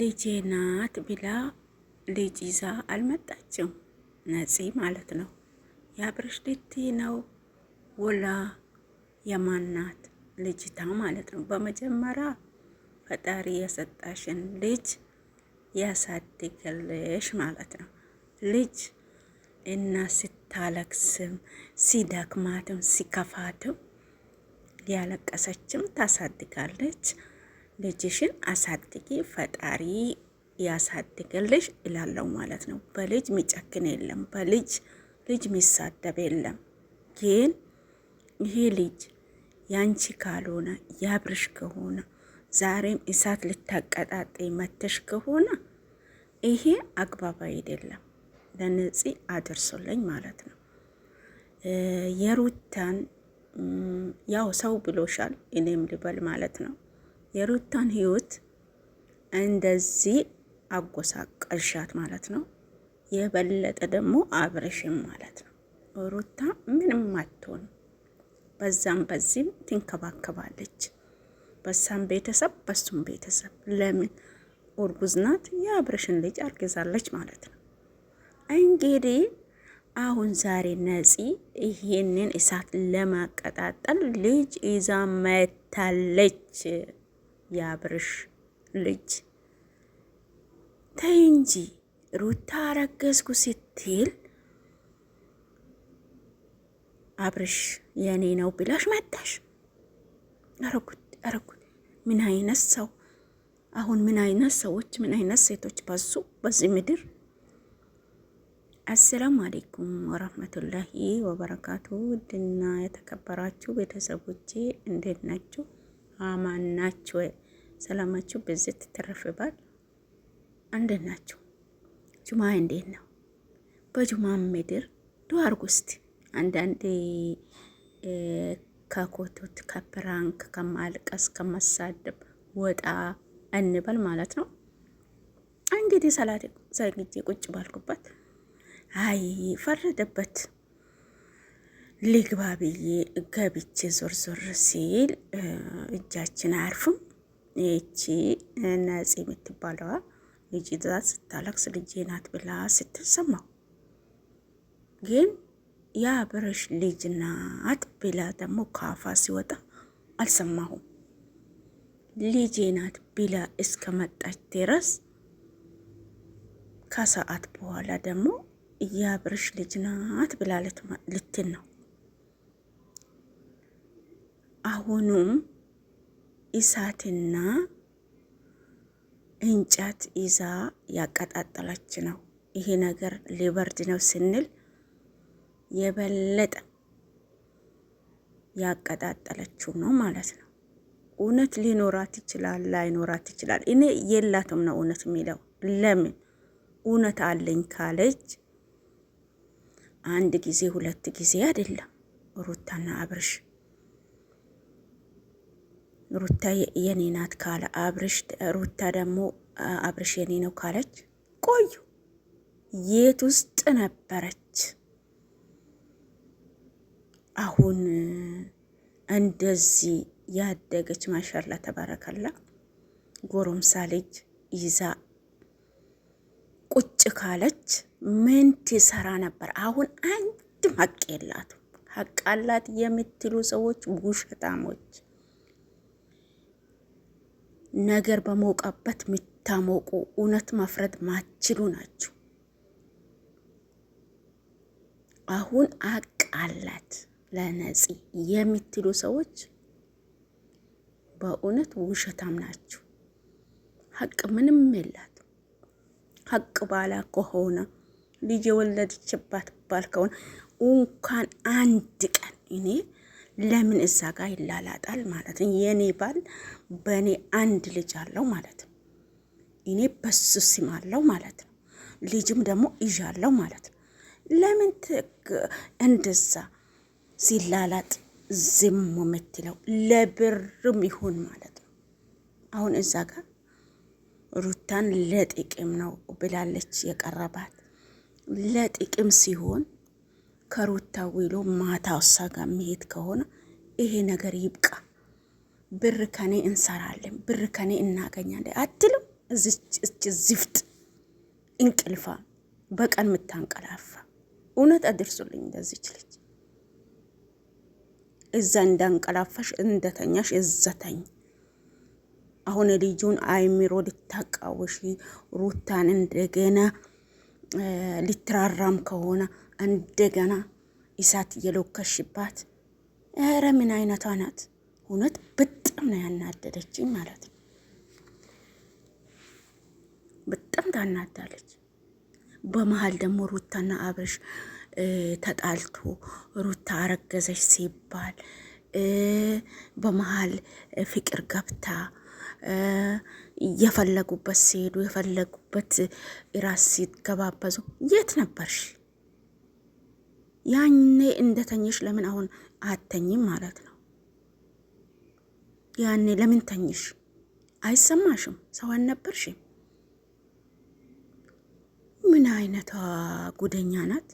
ልጄ ናት ብላ ልጅ ይዛ አልመጣችም። ነፂ ማለት ነው። የአብርሽ ነው ወላ የማናት ልጅታ ማለት ነው። በመጀመሪያ ፈጣሪ የሰጣሽን ልጅ ያሳድግልሽ ማለት ነው። ልጅ እና ስታለቅስም ሲደክማትም ሲከፋትም ያለቀሰችም ታሳድጋለች። ልጅሽን አሳድጊ፣ ፈጣሪ ያሳድግልሽ ይላለው ማለት ነው። በልጅ ሚጨክን የለም፣ በልጅ ልጅ የሚሳደብ የለም። ግን ይሄ ልጅ ያንቺ ካልሆነ ያብርሽ ከሆነ ዛሬም እሳት ልታቀጣጤ መተሽ ከሆነ ይሄ አግባብ አይደለም። ለነፂ አድርሶልኝ ማለት ነው። የሩታን ያው ሰው ብሎሻል፣ እኔም ልበል ማለት ነው የሩታን ህይወት እንደዚህ አጎሳቀልሻት ማለት ነው። የበለጠ ደግሞ አብረሽም ማለት ነው። ሩታ ምንም አትሆን፣ በዛም በዚህም ትንከባከባለች። በሳም ቤተሰብ በሱም ቤተሰብ ለምን እርጉዝ ናት? የአብረሽን ልጅ አርግዛለች ማለት ነው። እንግዲህ አሁን ዛሬ ነፂ ይሄንን እሳት ለማቀጣጠል ልጅ ይዛ መታለች። የአብርሽ ልጅ ተይ እንጂ ሩታ አረገዝኩ ስትል አብርሽ የኔ ነው ብላሽ መጣሽ። አረጉት አረጉት። ምን አይነት ሰው አሁን ምን አይነት ሰዎች ምን አይነት ሴቶች በዙ በዚህ ምድር። አሰላሙ አሌይኩም ወረህመቱላሂ ወበረካቱ። ውድና የተከበራችሁ ቤተሰቦቼ እንዴት ናችሁ? አማን ናችሁ? ሰላማችሁ በዚህ ትተረፍባል። እንዴት ናችሁ? ጁማ እንዴት ነው? በጁማ ምድር ዱዓ አድርጉ እስቲ። አንዳንዴ ከኮቶት ከፕራንክ ከማልቀስ ከማሳደብ ወጣ እንበል ማለት ነው። እንግዲህ ሰላት ዘግቼ ቁጭ ባልኩበት አይ ፈረደበት ልግባ ብዬ ገብቼ ዞር ዞር ሲል እጃችን አያርፍም። ይቺ ነጽ የምትባለዋ ልጅ ዛት ስታለቅስ ልጄ ናት ብላ ስትሰማው ግን የአብርሽ ልጅ ናት ብላ ደግሞ ካፋ ሲወጣ አልሰማሁም። ልጄ ናት ብላ እስከ መጣች ድረስ ከሰዓት በኋላ ደግሞ የአብርሽ ልጅ ናት ብላ ልትን ነው አሁኑም እሳትና እንጨት ይዛ ያቀጣጠለች ነው። ይሄ ነገር ሊበርድ ነው ስንል የበለጠ ያቀጣጠለችው ነው ማለት ነው። እውነት ሊኖራት ይችላል፣ ላይኖራት ይችላል። እኔ የላትም ነው እውነት የሚለው ለምን እውነት አለኝ ካለች አንድ ጊዜ ሁለት ጊዜ አይደለም ሩታና አብርሽ ሩታ የኔ ናት ካለ አብርሽ፣ ሩታ ደግሞ አብርሽ የኔ ነው ካለች ቆዩ። የት ውስጥ ነበረች? አሁን እንደዚህ ያደገች ማሻላ ተባረከላ ጎረምሳ ልጅ ይዛ ቁጭ ካለች ምን ትሰራ ነበር? አሁን አንድም ሀቅ የላትም። ሀቅ አላት የምትሉ ሰዎች ውሸታሞች ነገር በሞቀበት የምታሞቁ እውነት መፍረድ ማችሉ ናችሁ። አሁን አቃላት አላት ለነፂ የምትሉ ሰዎች በእውነት ውሸታም ናችሁ። ሀቅ ምንም የላት። ሀቅ ባላ ከሆነ ልጅ የወለደችባት ባል ከሆነ እንኳን አንድ ቀን እኔ ለምን እዛ ጋር ይላላጣል ማለት ነው። የኔ ባል በእኔ አንድ ልጅ አለው ማለት ነው። እኔ በሱ ስም አለው ማለት ነው። ልጅም ደግሞ ይዣለው ማለት ነው። ለምን እንደዛ ሲላላጥ ዝም የምትለው ለብርም ይሁን ማለት ነው። አሁን እዛ ጋር ሩታን ለጥቅም ነው ብላለች የቀረባት ለጥቅም ሲሆን ከሩታ ውሎ ማታ እሷ ጋር መሄድ ከሆነ ይሄ ነገር ይብቃ። ብር ከኔ እንሰራለን፣ ብር ከኔ እናገኛለን አትልም። እዚች ዝፍጥ እንቅልፋ በቀን የምታንቀላፋ እውነት አድርሱልኝ እንደዚች ልጅ እዛ እንዳንቀላፋሽ እንደተኛሽ እዘተኝ። አሁን ልጁን አይምሮ ልታቃወሺ ሩታን እንደገና ልትራራም ከሆነ እንደገና እሳት የለኮሽባት። ኧረ ምን አይነቷ ናት! እውነት በጣም ነው ያናደደችኝ ማለት ነው። በጣም ታናዳለች። በመሀል ደግሞ ሩታና አብርሽ ተጣልቶ ሩታ አረገዘች ሲባል በመሀል ፍቅር ገብታ የፈለጉበት ሲሄዱ የፈለጉበት ራስ ሲገባበዙ የት ነበርሽ? ያኔ እንደተኝሽ ለምን አሁን አተኝም ማለት ነው? ያኔ ለምን ተኝሽ? አይሰማሽም? ሰው አልነበርሽም? ምን አይነቷ ጉደኛ ናት!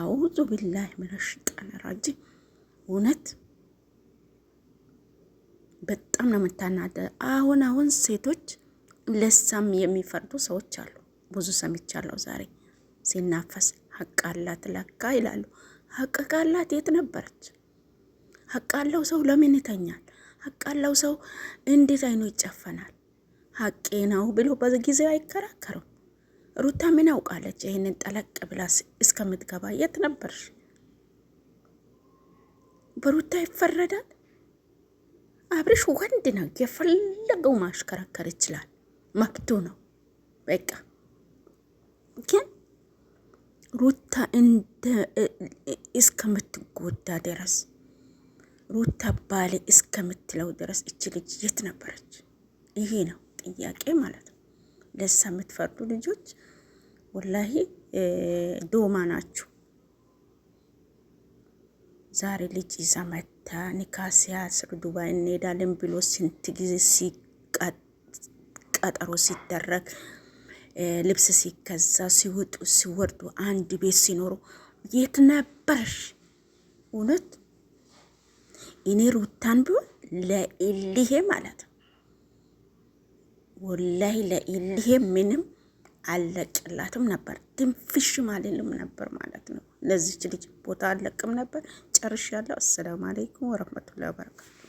አውዙ ቢላህ ምን ሸጣን ራጂ። እውነት በጣም ነው የምታናደ። አሁን አሁን ሴቶች ለሳም የሚፈርዱ ሰዎች አሉ። ብዙ ሰምቻለሁ ዛሬ ሲናፈስ ሀቃላት ለካ ይላሉ። ሀቅ ካላት የት ነበረች? ሀቅ አለው ሰው ለምን ይተኛል? ሀቅ ሰው እንዴት አይኖ ይጨፈናል? ሀቄ ነው ብሎ በጊዜው አይከራከርም። ሩታ ምን አውቃለች? ይህንን ጠለቅ ብላ እስከምትገባ የት ነበርሽ? በሩታ ይፈረዳል። አብርሽ ወንድ ነው፣ የፈለገው ማሽከረከር ይችላል፣ መብቱ ነው። በቃ ግን ሩታ እንደ እስከምትጎዳ ድረስ ሩታ ባሌ እስከምትለው ድረስ እች ልጅ የት ነበረች? ይሄ ነው ጥያቄ ማለት ነው። ለሳ የምትፈርዱ ልጆች ወላሂ ዶማ ናችሁ። ዛሬ ልጅ ይዛ መታ ኒካሲያ ስር ዱባይ እንሄዳለን ብሎ ስንት ጊዜ ሲቀጠሮ ሲደረግ ልብስ ሲከዛ ሲወጡ ሲወርዱ አንድ ቤት ሲኖሩ የት ነበርሽ? እውነት እኔ ሩታን ቢሆን ለኢሊሄ ማለት ወላይ ለኢሊሄ ምንም አለቅላትም ነበር፣ ድንፍሽ ማልልም ነበር ማለት ነው። ለዚች ልጅ ቦታ አለቅም ነበር። ጨርሽ ያለው። አሰላሙ አለይኩም ወረህመቱላሂ ወበረካቱ